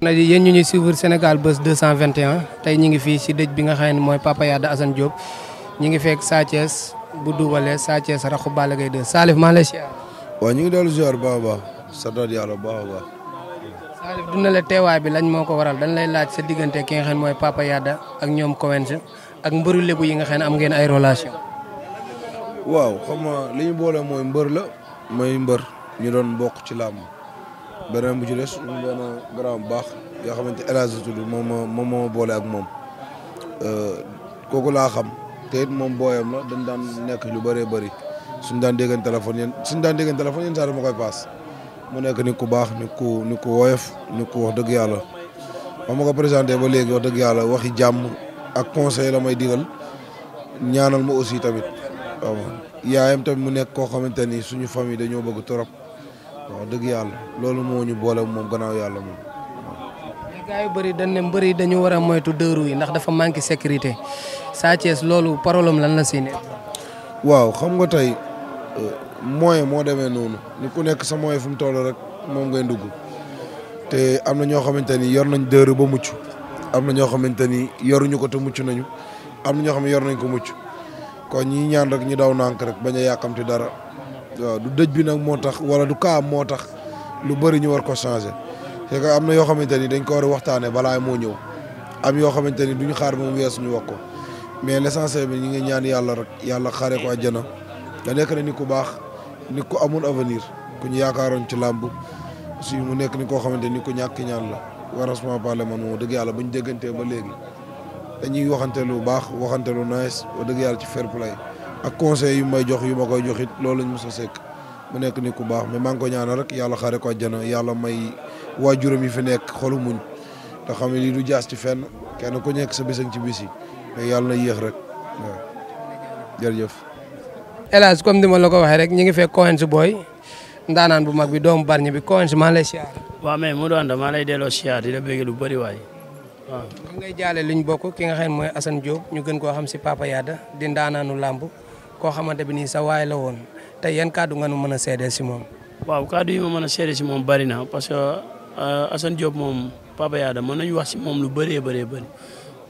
na yéen ñu ñuy suivre Sénégal Buzz 221 tey ñu ngi fii si dëj bi nga xam ne mooy Papa Yade Assane Diop ñu ngi fekk Sa Thiès bu duubalee Sa raxu bale gay 2 Salif maa waa ziar. ñu ngi doon ziar bu baax a baax sa doon yàlla bu baax baax. Salif dina la teewaay bi lañ moo ko waral dañ lay laaj sa diggante ki nga xam ne mooy Papa Yade ak ñoom Kowens ak mbëru lébu yi nga xam ne am ngeen ay relation waaw xam nga li boole mooy mbër la mooy mbër ñu doon bokk ci làmb. beneen bu ci des ñu grand bu baax yoo xamante El Hadj tudd moom moom moo boole ak moom euh, kooku laa xam te moom booyam la dañ daan nekk lu bëree bari suñ daan déggan téléphone yéen suñ daan déggan téléphone yéen saa dama koy paas mu nekk ni ku baax nit ku nit ku woyof nit ku wax dëgg yàlla ba ma ko présenté ba léegi wax dëgg yàlla waxi jàmm ak conseil la may digal ñaanal ma aussi tamit waaw yaayam tamit mu nekk koo xamante ni suñu famille dañoo bëgg trop waaw dëgg yàlla loolu moo ñu boole moom gannaaw yàlla moom. mais gars yu bëri dañ ne mbër yi dañu war a moytu dëru yi ndax dafa manqué sécurité Sa Thiès loolu parole am lan la si ne. waaw xam nga tey euh, moyen moo demee noonu ni ku nekk sa moyen fu mu toll rek moom ngay dugg te am na ñoo xamante ni yor nañ dëru ba mucc am na ñoo xamante ni yoruñu ko te mucc nañu am na ñoo xam ne yor nañ ko mucc kon ñi ñaan rek ñu daw nànk rek bañ a yàkkamti dara. waaw du dëj bi nag moo tax wala du kaa moo tax lu bëri ñu war ko changé c'est que am na yoo xamante ni dañ ko war a waxtaanee balaa moo ñëw am yoo xamante ni duñu xaar mu weesu ñu wax ko mais l'essentiel bi ñu ngi ñaan yàlla rek yàlla xaaree ko àjjana da nekk na nit ku baax nit ku amul avenir ku ñu yaakaaroon ci làmb si mu nekk ni koo xamante ni ku ñàkk ñaan la warasement parlement moom dëgg yàlla bu ñu déggantee ba léegi dañuy waxante lu baax waxante lu nice dëgg yàlla ci fair play ak conseil yu may jox yu ma koy jox it loolu lañ mos a sekk mu nekk ni ku baax mais maa ngi ko ñaanal rek yàlla xare ko àjjana yàlla may waajuram yi fi nekk xolu muñ te xam ne lii ci fenn kenn ku nekk sa bés ci bis yi mais yàlla na yéex rek waaw jërëjëf. hélas comme ni ma la ko waxee rek ñu ngi fekk Quench Boy ndaanaan bu mag bi doom Bargny bi Quench maa lay siyaar. waaw mais mu doon da maa lay delloo siyaar di la bëgg lu bëri waay. waaw ngay jaale liñ bokk ki nga xam mooy Assane Diop ñu gën koo xam si Papa Yada di ndaanaanu làmb koo xamante bi nii sa waay la woon te yan kàddu nga na mën a seede si moom. waaw kàddu yi ma mën a seede si moom bari na parce que euh, Assane Diop moom Papa Yada mën nañu wax si moom lu bëree bëree bëri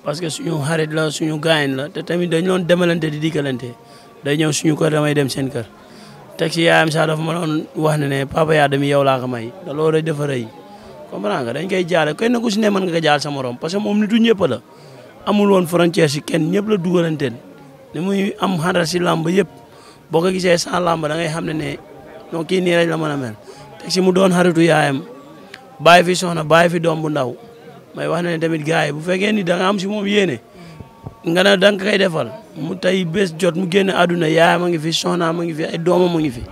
parce que suñu xarit la suñu gaañ la te tamit dañu loon demalante di dikkalante day ñëw suñu kër damay dem seen kër. teg si yaayam sax dafa ma doon wax ne ne Papa Yada mi yow laa ko may da loolu dafa rëy comprends nga dañ koy jaale kenn ku si ne mën nga ko jaal sa morom parce que moom ñëpp woon frontière ñëpp la dugalanteel. li muy am xandal si làmb yëpp boo ko gisee sans làmb da ngay xam ne ne non kii nii rek la mën a mel teg si mu doon xaritu yaayam bàyyi fi soxna bàyyi fi doom bu ndaw may wax ne tamit gars yi bu fekkee ni da nga am si moom yéene nga ne da nga koy defal mu tey bés jot mu génn àdduna yaayam a ngi fi soxnaam a ngi fi ay doomam a ngi fi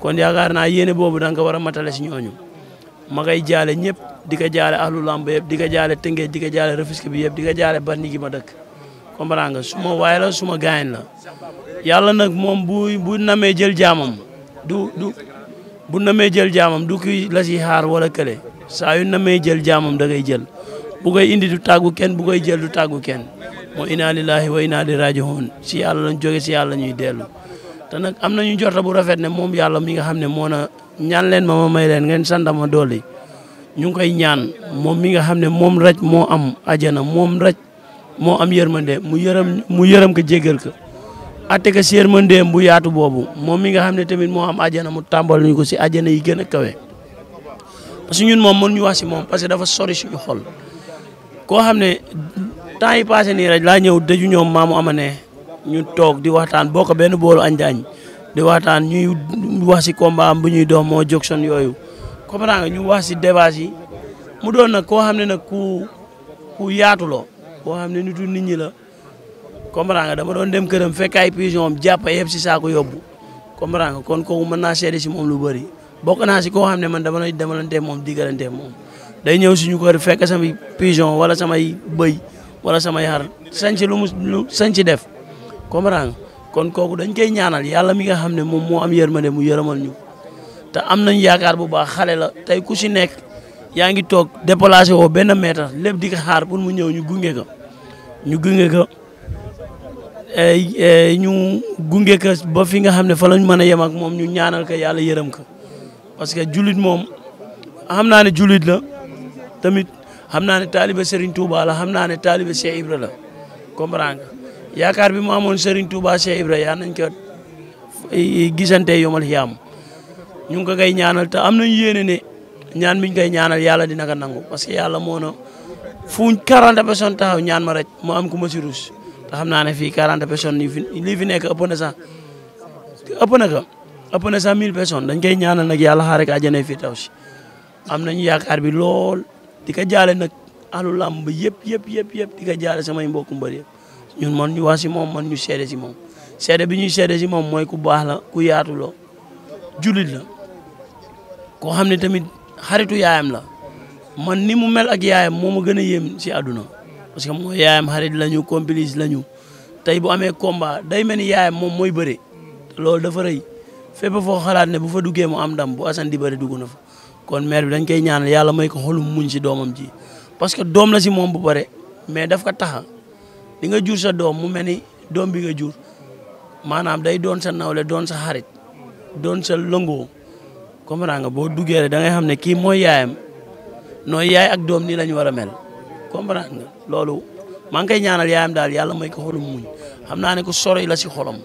kon yaakaar naa yéene boobu da nga ko war a matale si ñooñu ma koy jaale ñëpp di ko jaale ahlu làmb yëpp di ko jaale Tëngéej di ko jaale Rufisque bi yëpp di ko jaale Bargny gi ma dëkk comprendre nga suma waay la suma gaañ la yàlla nag moom bu bu namee jël jaamam du du bu namee jël jaamam du ki la si xaar wala kële saa yu namee jël jaamam da ngay jël bu koy indi du tàggu kenn bu koy jël du tàggu kenn moo inna lillahi wa inna ilayhi raji'un si yàlla la jóge si yàlla ñuy dellu te am nañu jorta bu rafet ne moom yàlla mi nga xam ne moo na ñaan leen ma ma may leen ngeen sant ma dolli ñu ngi ñaan moom mi nga moom raj moo am ajana moom raj moo am yërmandeem mu yërëm mu yërëm ko jéggal ko atte ko si yërmandeem bu yaatu boobu moom mi nga xam ne tamit moo am ajana mu tàmbal ñu ko si ajana yi gën a kawe parce ñun moom mën ñu wax si moom parce que dafa sori suñu xol koo xam ne temps yi passé nii rek laa ñëw daju ñoom maamu amane ñu toog di waxtaan boo ko benn boolu anjaañ di waxtaan ñuy wax si combat am bu ñuy doom moo jóg son yooyu comprendre nga ñu wax si débat yi mu doon nag koo xam ne nag ku ku yaatuloo boo xam ni nitu nit ñi la comprends dama doon dem këram fekk ay pigeon am jàpp yëpp si saako yóbbu comprends nga kon kooku mën naa seede si moom lu bëri bokk naa si koo xam ne man dama lay demalantee moom diggalantee moom day ñëw si kër fekk samay pigeon wala samay bëy wala samay xar sañci lu mu lu sañci def comprends kon kooku dañ koy ñaanal yàlla mi nga xam ne moom moo am yërmande mu yërëmal ñu te am nañ yaakaar bu baax xale la tey ku si nekk yaa ngi toog déplacé woo benn mètre lépp di ko xaar pour mu ñëw ñu gunge ko ñu gunge ko eh, eh, ñu gunge ko ba fi nga xam ne fa lañ mën a yem ak moom ñu ñaanal ko yàlla yërëm ko parce que jullit moom xam naa ne jullit la tamit xam naa ne taalibe Serigne Touba la xam naa ne taalibe Cheikh la comprendre yaakaar bi mu amoon Serigne Touba Cheikh Ibra yaa nañ ko eh, gisante yomal xiyaam ñu ngi ko koy ñaanal te am ñaan biñ koy ñaanal yàlla dina ko nangu parce que yàlla moo na fuñ 40 personnes ñaan ma rek mu am ku ma si ruus xam naa ne fii 40 personnes yi fi lii fi nekk ëpp na sax ëpp na ko ëpp na sax 1000 personnes dañ koy ñaanal nag yàlla xaare ko àjjana fii taw si am nañu yaakaar bi lool di ko jaale nag alu làmb yëpp yëpp yëpp yëpp di ko jaale samay mbokku mbër yëpp ñun man ñu wax si moom man ñu seede si moom seede bi ñuy seede si moom mooy ku baax la ku yaatu la jullit la koo xam ne tamit xaritu yaayam la man ni mu mel ak yaayam moom ma gën a yéem si àdduna parce que mooy yaayam xarit lañu complice lañu tey bu amee combat day mel ni yaayam moom mooy bëre loolu dafa rëy fépp foo xalaat ne bu fa duggee mu am ndam bu Assane di bëri dugg na fa kon maire bi dañ koy ñaanal yàlla may ko xolum muñ si doomam ji parce que doom la si moom bu bare mais daf ko taxa di nga jur sa doom mu mel ni doom bi nga jur maanaam day doon sa nawle doon sa xarit doon sa lëngoo comprendre nga boo duggee rek xam ne kii mooy yaayam yaay ak doom nii lañu war a mel loolu maa ngi koy ñaanal yaayam daal yàlla may ko xolum muñ xam naa ne ko sori la si xolam.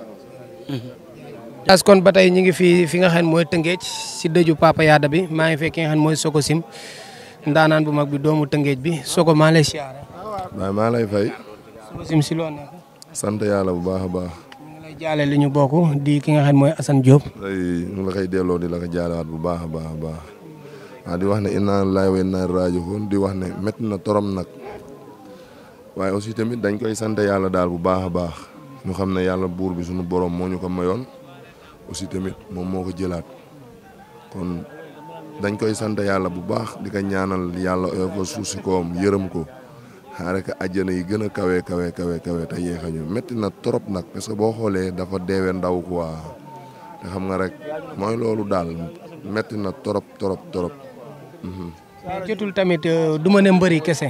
Mhmm. kon ba tey ñu ngi fi fi nga xam ne mooy Tëngéej si dëju Papa yaada bi maa ngi fekk ki nga mooy Soko Sim ndaanaan bu mag bi doomu Tëngéej bi Soko maa lay siyaare. waaw maa lay fay. Sim si loo nekk. sant yàlla bu baax a baax. di jaale li ñu bokk di ki nga xam mooy Assane Diop. ñu la koy delloo di la ko jaalewaat bu baax a baax a baax waaw di wax ne inna lillahi wa inna ilayhi raaji'uun di wax ne métti na torom nag waaye aussi tamit dañ koy sante yàlla daal bu baax a baax ñu xam ne yàlla buur bi suñu borom moo ñu ko mayoon aussi tamit moom moo ko jëlaat kon dañ koy sant yàlla bu baax di ko ñaanal yàlla oyof ko suuf koom yërëm ko. xaare ko àjjana yi gën a kawe kawe kawe kawe te yéex a ñu na trop nag parce que boo xoolee dafa deewee ndaw quoi te xam nga rek mooy loolu daal metti na trop trop trop. Mhm. mais jotul tamit euh, du ma ne mbëri kese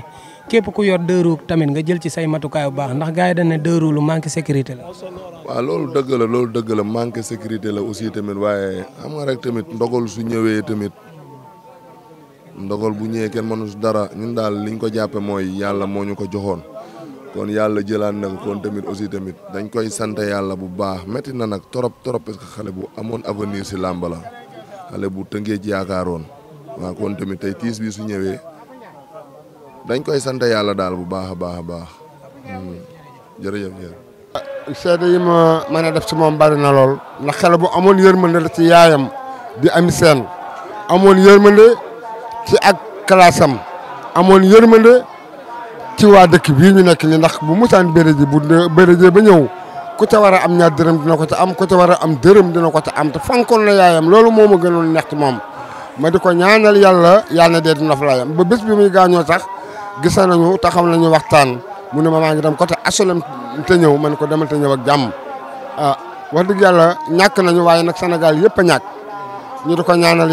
képp ku yor deux tamit nga jël ci say matukaay bu baax ndax gaa yi dañ ne deux lu manque sécurité la. waaw la loolu dëgg la manque sécurité la aussi tamit waaye xam nga rek tamit ndogal su ñëwee tamit. ndogal bu ñëwee kenn mënu dara ñun daal liñ ko jàppe mooy yàlla moo ñu ko joxoon kon yàlla jëlaan na kon tamit aussi tamit dañ koy sant yàlla bu baax métti na nag trop trop parce que xale bu amoon avenir si làmb la xale bu tëngee ci yaakaaroon waaw kon tamit tey tiis bi su ñëwee dañ koy sant yàlla daal bu baax a baax a baax hmm. jërëjëf jërëjëf. Ah, seede yi ma mën a def si moom bari na lool ndax xale bu amoon yërmande la ci yaayam di am seen amoon yërmande ci ak kalaasam amoon yërmande ci waa dëkk bii ñu nekk ni ndax bu musaan béréje bu béréje ba ñëw ku ca war am ñaar dërëm dina ko ca am ko ca war a am dërëm dina ko ca am te fonkoon na yaayam loolu moo ma gënoon neex ci moom ma di ko ñaanal yàlla yàlla na dee dina fa laayam ba bés bi muy gaañoo sax gis nañu taxaw nañu waxtaan mu ne ma maa ngi dem côté asolem te ñëw man ko demal te ñëw ak jàmm ah wax dëgg yàlla ñàkk nañu waaye nag Sénégal yëpp a ñàkk ñu di ko ñaanal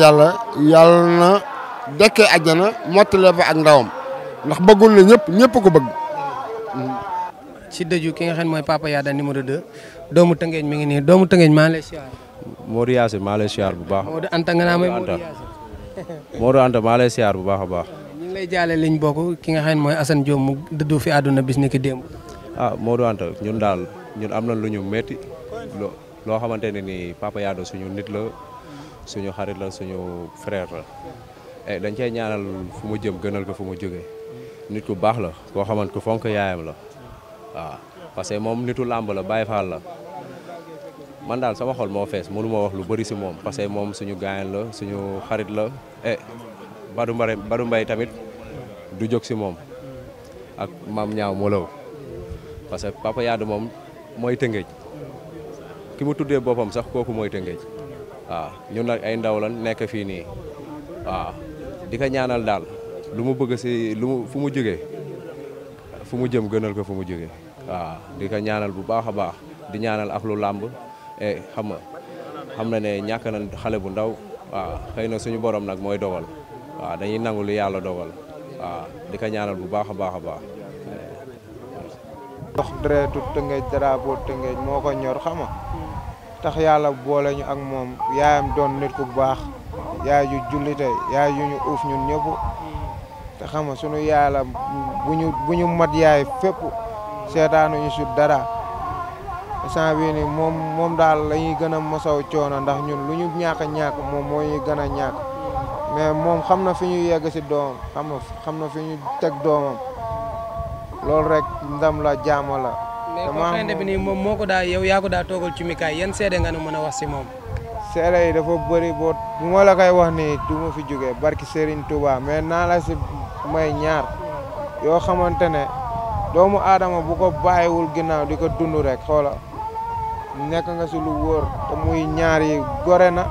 dekkee àjjana mottalee fa ak ndawam ndax bëggul na ñëpp ñëpp ko bëgg. ci dëju ki nga xam ne mooy Papa ni numéro 2 doomu Tëngéej mi ngi nii doomu Tëngéej maa ngi lay siyaar. Modou bu baax. Modou Anta nga naa may Modou Yassé. Modou Anta maa bu baax a baax. ñu ngi lay jaale liñ ki nga xam ne mooy Assane Diop fi àdduna bis ni ki démb. ah Modou Anta ñun daal ñun am na lu ñu métti loo loo xamante ne ni Papa Yada suñu nit la suñu xarit la suñu frère la. Eh, dañ cay ñaanal fu mu jëm gënal ko fu mu jógee nit ku baax la koo xamante ku fonk yaayam la waaw parce que moom nitu làmb la Baye Fall la man daal sama xol moo fees mënu ma wax lu bëri si moom parce que moom suñu gaayan la suñu xarit la e Badou Mbare Badou tamit du jóg si moom ak mam ñaaw Molow parce que papa yaadu moom mooy tëngëj ki mu tuddee boppam sax kooku mooy tëngëj a ñun nag ay ndaw lan nekk fii nii waaw di ko ñaanal daal lu mu bëgg si lu mu fu mu jógee fu mu jëm gënal ko fu mu jógee di ko ñaanal bu baax a baax di ñaanal ak lu làmb e xam nga xam na ne ñàkk na xale bu ndaw waaw xëy na suñu borom nag mooy dogal waaw dañuy nangu lu yàlla dogal di ko ñaanal bu baax a baax a baax dox deretu tëngéej drapeau tëngéej moo ko ñor xama tax yàlla boole ñu ak moom yaayam doon nit ku baax yaay ju jullite yaay ju ñu uuf ñun ñëpp te xam nga sunu yàlla bu ñu bu ñu mat yaay fépp seetaanuñu su dara sant bi ni moom moom daal la ñuy gën a mosaw coono ndax ñun lu ñu ñàkk a ñàkk moom moo ñuy gën a ñàkk mais moom xam na fi ñu yegg si doomam xam na xam na fi ñu teg doomam loolu rek ndam la jàmm la. te mais bi nii moom moo ko daa yow yaa ko daa toogal ci mikaay yan seede nga nu mën a wax si moom. seede yi dafa bëri boo bu ma la koy wax nii du ma fi jógee barki Serigne Touba mais naala si may ñaar yoo xamante ne doomu aadama bu ko bàyyiwul ginnaaw di ko dund rek xoola nekk nga si lu wóor te muy ñaar yi gore na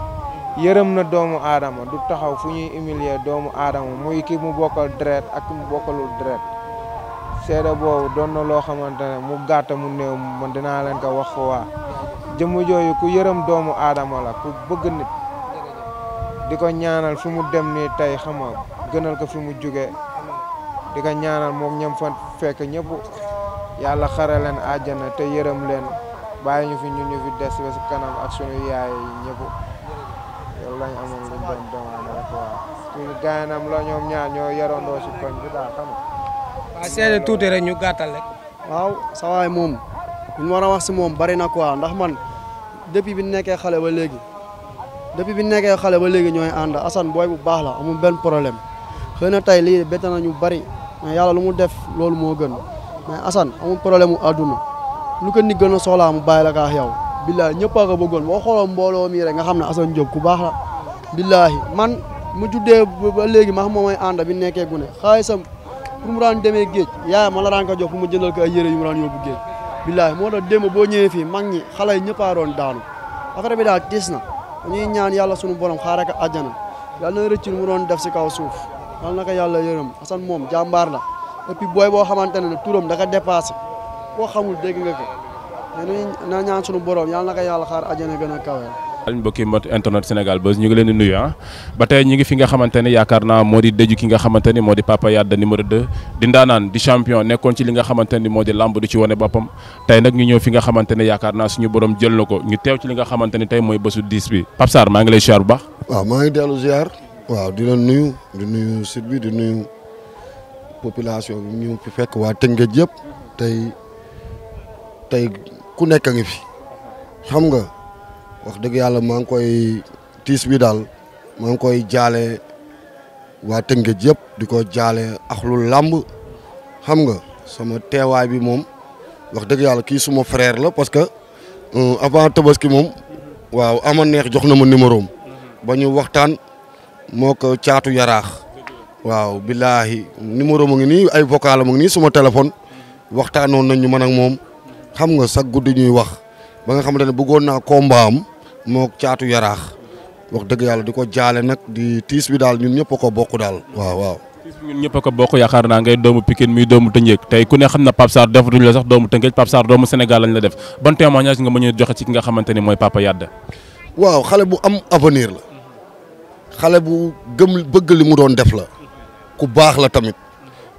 yërëm na doomu aadama du taxaw fu ñuy doomu aadama muy ki mu bokkal deret ak ki mu bokkalul deret seede boobu doon na loo xamante ne mu gàtt mu néew man dinaa leen ko wax waa jëmm jooju ku yërëm doomu aadama la ku bëgg nit di ko ñaanal fi mu dem nii tey xama gënal ko fi mu jóge di ko ñaanal moom ñam fa fekk ñëpp yàlla xare leen àjjana te yërëm leen bàyyi ñu fi ñun ñu fi des ba kanam ak sunu yaay yi ñëpp loolu lañ amoon luñ doon demande rek waaw suñu bi daal xam nga waaw ñu gàttal rek. waaw sawaay moom li ñu wax si bari na quoi ndax man depuis bi nekkee xale ba léegi depuis bi nekkee xale ba léegi ñooy ànd Assane booy bu baax la amul benn problème xëy na tey lii bett na ñu bari mais yàlla lu mu def loolu moo gën mais Assane amul problème mu àdduna lu ko nit gën a soxlaa mu bàyyi la kaax yow. billaahi ñëpp a ko boo xooloo mbooloo mii rek nga xam ne Assane Diop ku baax la billaahi man mu juddee ba léegi ma xam moom mooy ànd bi nekkee gune xaalisam pour mu daan demee géej yaay ma la daan ko jox pour mu jëndal ko ay yére yu mu daan yóbbu géej. billahi moo tax démb boo ñëwee fii mag ñi xale yi ñëpp a doon daanu affaire bi daal tiis na ñuy ñaan yàlla sunu borom xaaral ko àjjana yàlla na rëcc mu doon def si kaw suuf yàlla na ko yàlla yërëm Assane moom jàmbaar la et booy boo xamante ne turam da ko dépassé koo xamul dégg nga ko mais na ñaan sunu borom yàlla na ko yàlla xaar àjjana gën a kawe mbokki mbot internet Sénégal Buzz ñu ngi leen di nuyu ah ba tey ñu ngi fi nga xamante ne yaakaar naa moo di dëju ki nga xamante ni moo di Papa Yade numéro 2 di ndaanaan di li nga xamante ni moo di lamb du ci wane boppam tey nag ñu ñëw fi nga xamante ne yaakaar naa suñu borom jël na ko ñu teew ci li nga xamante ni tey mooy bésu 10 bi Pape Sarr maa ngi lay ziar bu baax waaw maa ngi dellu ziar waaw di leen nuyu di nuyu site bi di nuyu population bi ñu fi fekk waa Tëngéej yëpp tey tey ku nekk a ngi fi xam nga wax dëgg yàlla maa ngi koy tiis bi daal maa ngi koy jaale waa Tëngéej yëpp di ko jaale axlu làmb xam nga sama teewaay bi moom wax dëgg yàlla kii suma freer la parce que euh, avant tabaski moom waaw ama neex jox na ma numéro am ba ñu waxtaan moo ko caatu yaraax waaw billaahi numéro mu ngi nii ay vocal mu ngi nii suma téléphone waxtaanoon nañ ñu man ak moom xam nga sax guddi ñuy wax ba nga xamante ne bëggoon naa combat am moo caatu yaraax wax dëgg yàlla di ko jaale nag di tiis bi daal ñun ñëpp a ko bokk daal waaw waaw. tiis ñun ñëpp a ko bokk yaakaar naa ngay doomu Pikine muy doomu Tëngéej tey ku ne xam na Pape Sarr doomu Tëngéej Pape Sarr doomu Sénégal lañ la def ban témoignage nga a joxe ci ki nga xamante ni mooy Papa Yade. waaw xale bu am avenir la xale bu gëm bëgg li mu doon def la ku baax la tamit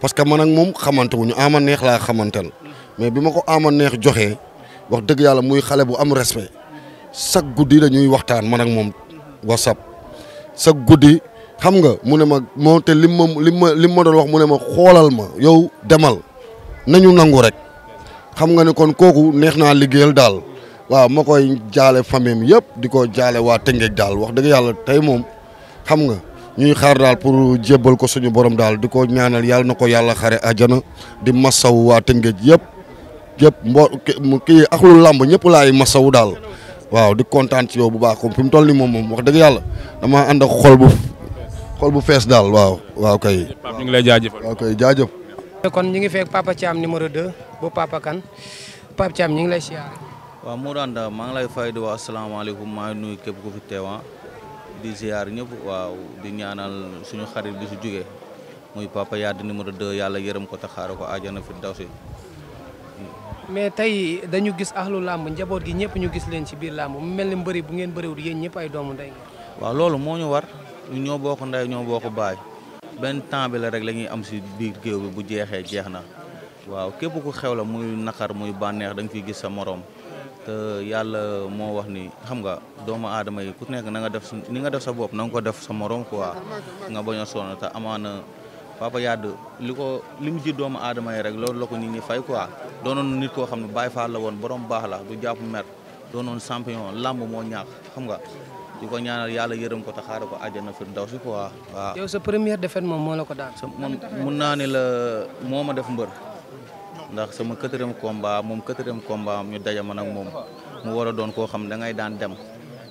parce que man ak moom xamante wuñu ama neex laa xamanteel mais bi ma ko ama neex joxee wax dëgg yàlla muy xale bu am respect. chaque guddi dañuy waxtaan ma nag moom whatsapp chaque guddi xam nga mu ne ma moo te lim ma lim ma lim ma doon wax mu ne ma xoolal ma yow demal nañu nangu rek xam nga ne kon kooku neex naa liggéeyal daal waaw ma koy jaale famille yëpp di ko jaale waa Tëngéej daal wax dëgg yàlla tey moom xam nga ñuy xaar daal pour jébbal ko suñu borom daal di ko ñaanal yàlla na ko yàlla xare àjjana di masaw waa Tëngéej yëpp yëpp mbo kii axlu làmb ñëpp laay masaw daal waaw di kontaan ci yow bu baax comme fi toll nii moom moom wax dëgg yàlla damaa ànd ak xol bu xol bu fees daal waaw waaw kay. Pape ngi lay jaajëfal waaw kay jaajëf. kon ñu ngi fekk Papa numéro 2 bu Papa ñu ngi lay siyaare. waaw Mouranda maa ngi lay fay di waa asalaamaaleykum maa ngi nuyu képp ku fi teewa ah. di ziar ñëpp waaw di ñaanal suñu xarit bi su jógee muy Papa Yade numéro 2 yàlla yërëm ko te ko àjjana fi dawsi mais tey dañu gis ahlu làmb njaboot gi ñëpp ñu gis leen ci biir làmb mu mel ni mbëri bu ngeen bëriwul yéen ñëpp ay doomu ndey waaw loolu moo ñu war ñoo bokk ndey ñoo bokk baay benn temps bi la rek lañuy am si biir géew bi bu jeexee jeex na waaw képp ku xew la muy naqar muy bànneex da nga gis sa moroom te yàlla moo wax ni xam nga doomu aadama yi ku nekk na nga def ni nga def sa bopp na nga ko def sa moroom quoi nga bañ a sonn te amaana Papa Yade li ko li mu ji doomu aadama yi rek loolu la ko nit ñi fay quoi doonoon nit koo xam ne Baye Fall la woon borom baax la du jàpp mer doonoon champion làmb moo ñaax xam nga di ko ñaanal yàlla yërëm ko taxaare ko aja na daw si quoi waaw. yow sa première défaite moom moo la ko daan. moom mun naa ne la moo ma def mbër ndax sama quatrième combat moom quatrième combat ñu daje ma ak moom mu war doon koo xam da ngay daan dem.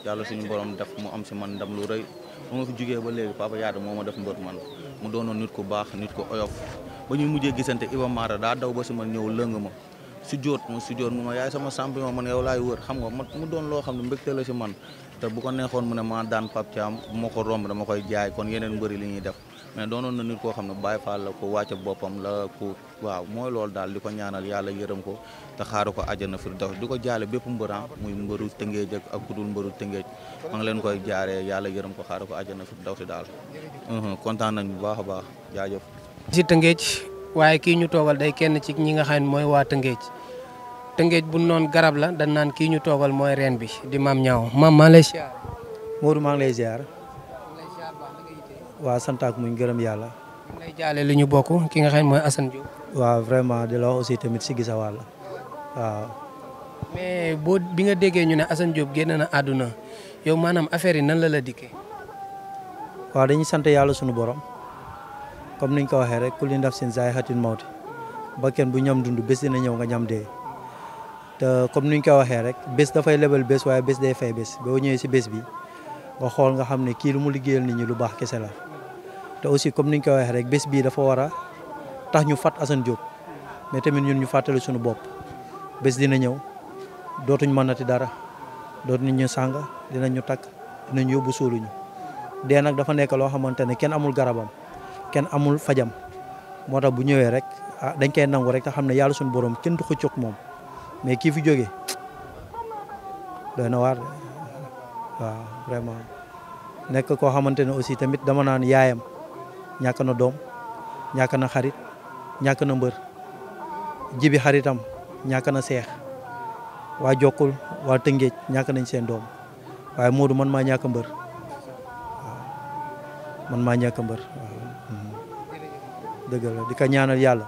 yàlla suñu borom def mu am si man ndam lu rëy ba ma fi jugee ba léegi Papa Yade moo ma def mbër man mu doonoon nit ku baax nit ku oyof ba ñuy mujjee gisante Iba Mara daa daw ba si man ñëw lëng ma si joot mu si joot mu ma yaay sama champion man yow laay wër xam nga ma mu doon loo xam ne mbégte la si man te bu ko neexoon mu ne maa daan Pape Thiam bu ma ko romb dama koy jaay kon yeneen mbëri li ñuy def mais doonoon na nit koo xam ne Baye Fall la ko wàcce boppam la ku waaw mooy loolu daal di ko ñaanal yàlla yërëm ko te xaaru ko àjjana fi daw di ko jaale bépp mbëran ah muy mbëru tëngeej ak kudul mbëru tëngeej maa ngi leen koy jaaree yàlla yërëm ko xaaru ko àjjana fi daw si daal kontaan nañ bu baax a baax jaajo si tëngeej waaye kii ñu toogal day kenn ci ñi nga xam ne mooy waa tëngeej tëngeej bu noon garab la dañ naan kii ñu toogal mooy reen bi di maam ñaaw maam maa ngi lay ziar lay ziar waa santaak muñ gërëm yàlla. ñu lay jaale li ñu bokk ki nga xam mooy Assane Diop. waaw vraiment di aussi tamit si gisa wàll waaw. mais bi nga déggee ñu ne Assane Diop génn na àdduna yow maanaam affaire yi nan la la dikke waa dañuy sant yàlla sunu borom comme niñ ko waxee rek ku li ndaf seen zaay xatin mawti ba kenn bu ñam dund bés dina ñëw nga ñam dee te comme niñ ko waxee rek bés dafay lebal bés waaye bés day fay bés boo ñëwee si bés bi nga xool nga xam ne kii lu mu liggéeyal nit ñu lu baax kese la. te aussi comme ni ñu ko waxee rek bés bii dafa wara tax ñu fat Assane Diop mais tamit ñun ñu fàttali suñu bopp bés dina ñëw dootuñ mënati dara dootuñ ñu sàng dinañ ñu takk dinañ yóbbu suuluñu dee nag dafa nekk loo xamante ne kenn amul garabam kenn amul fajam moo tax bu ñëwee rek ah dañ koy nangu rek te xam ne yàlla suñu borom kenn du xëccoog moom mais kii fi jógee doy na vraiment nekk koo xamante ne aussi tamit dama naan yaayam. ñàkk na doom ñàkk na xarit ñàkk na mbër jibi xaritam ñàkk na seex waa jokkul waa tëngéej ñàkk nañ seen doom waaye Modou man maa ñàkk mbër waaw man maa ñàkk mbër mhm. di ko ñaanal yàlla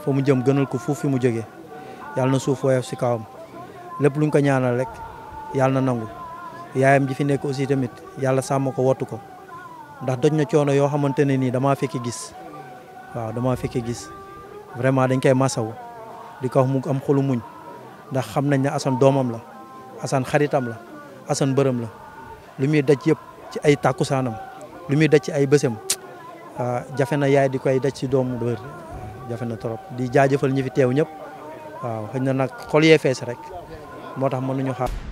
foo mu jëm gënal ko fuuf fi mu jógee yàlla na suuf woyof si kawam lépp luñ ko ñaanal rek yàlla na nangu yaayam ji fi nekk aussi tamit yàlla sàmm ko wattu ko ndax doj na coono yoo xamante ne nii damaa fekk gis waaw damaa fekk gis vraiment dañ koy masawu di ko wax am xolu muñ ndax xam nañ ne Assane doomam la Assane xaritam la Assane bërëm la lu muy daj yëpp ci ay tàkkusaanam lu muy daj ci ay bësam ah, jafe na yaay di koy daj si doom dër ah, jafe na trop di jaajëfal ñi fi teew ñëpp waaw xëy na nag xol yee fees rek moo tax mënuñu xaar.